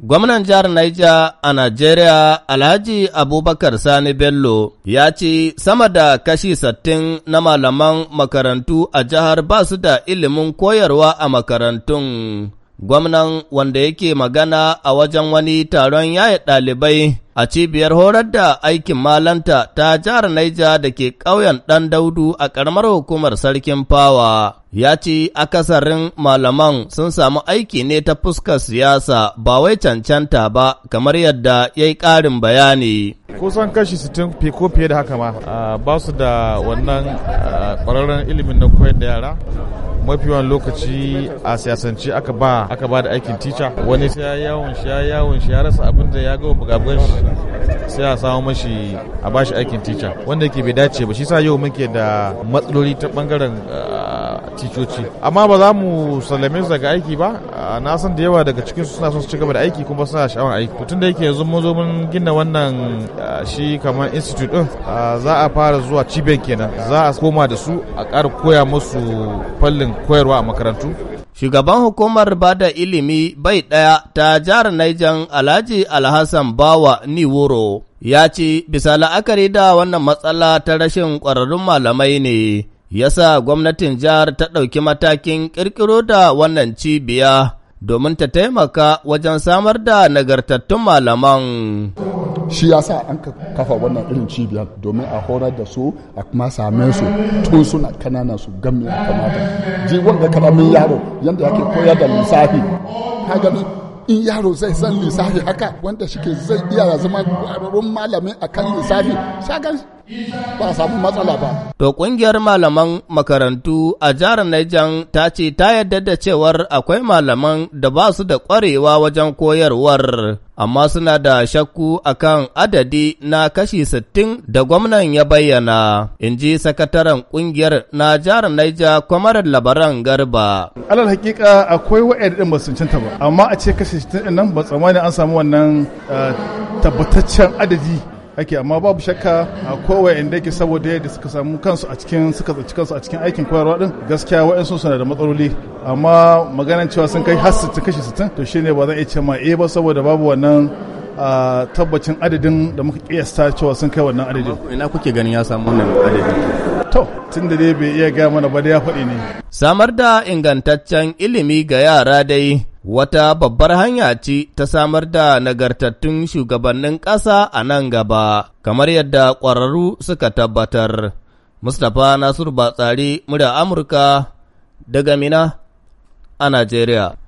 Gwamnan jihar Niger a Najeriya Alhaji Abubakar Sani Bello ya ce sama da kashi sattin na malaman makarantu a jihar ba su da ilimin koyarwa a makarantun Gwamnan wanda yake magana a wajen wani taron yaya ɗalibai a cibiyar horar da aikin malanta ta jihar Naija da ke ƙauyen ɗan daudu a ƙaramar hukumar sarkin fawa. Ya ce akasarin malaman sun samu aiki ne ta fuskar siyasa ba wai cancanta ba kamar yadda ya yi ƙarin bayani. san kashi 60 ko fiye da haka ma ba su da wannan kwararren ilimin na koyar da yara mafi yawan lokaci a siyasance aka ba aka ba da aikin tica wani sai ya yawon shi ya yawon shi ya rasa abin da ya ga bugabugan shi sai a samu mashi a bashi aikin tica wanda yake bai dace ba shi sa yau muke da matsaloli ta bangaren ticoci amma ba za mu sallame su daga aiki ba na san da yawa daga cikinsu suna son su ci gaba da aiki kuma suna sha'awar aiki tun da yake yanzu mun zo mun gina wannan shi kamar institute din za a fara zuwa cibiyar kenan za a koma da su a ƙara koya musu fallin koyarwa a makarantu Shugaban hukumar bada ilimi bai ɗaya ta jihar Niger Alhaji Alhassan Bawa Niworo ya ce bisa la'akari da wannan matsala ta rashin ƙwararrun malamai ne, yasa gwamnatin jihar ta ɗauki matakin ƙirƙiro da wannan cibiya domin ta taimaka wajen samar da nagartattun malaman. Shi ya sa an kafa wannan irin cibiyar domin a horar da su a kuma same su tun suna kanana su gami ya kamata. Ji wanda karamin yaro yadda yake koyar da lissafi. in yaro zai san lissafi haka wanda shi ke zai iya zama malamin malami kan lissafi shagan ba samu matsala ba. To ƙungiyar malaman makarantu a jihar Niger ta ce ta yarda da cewar akwai malaman da ba su da ƙwarewa wajen koyarwar, amma suna da shakku akan adadi na kashi sittin da gwamnan ya bayyana, in ji sakataren ƙungiyar na jihar Niger kwamarar labaran garba. Alal hakika akwai wa'yar ɗin ba su cancanta ba, amma a ce kashi sittin nan ba tsammani an samu wannan eh, tabbataccen adadi ake amma babu shakka a kowa inda yake saboda yadda suka samu kansu a cikin suka tsaci kansu a cikin aikin koyarwa din gaskiya wa'ansu suna da matsaloli amma maganan cewa sun kai har 60 kashi 60 to shine ba zan iya ce ma eh ba saboda babu wannan a tabbacin adadin da muka kiyasta cewa sun kai wannan adadin. Ina kuke ganin ya samu wannan adadin? To, tun da dai bai iya gaya mana ba da ya faɗi ne. Samar da ingantaccen ilimi ga yara dai wata babbar hanya ce ta samar da nagartattun shugabannin ƙasa a nan gaba, kamar yadda ƙwararru suka tabbatar. Mustapha Nasiru Batsari, murya Amurka, daga Mina a Najeriya.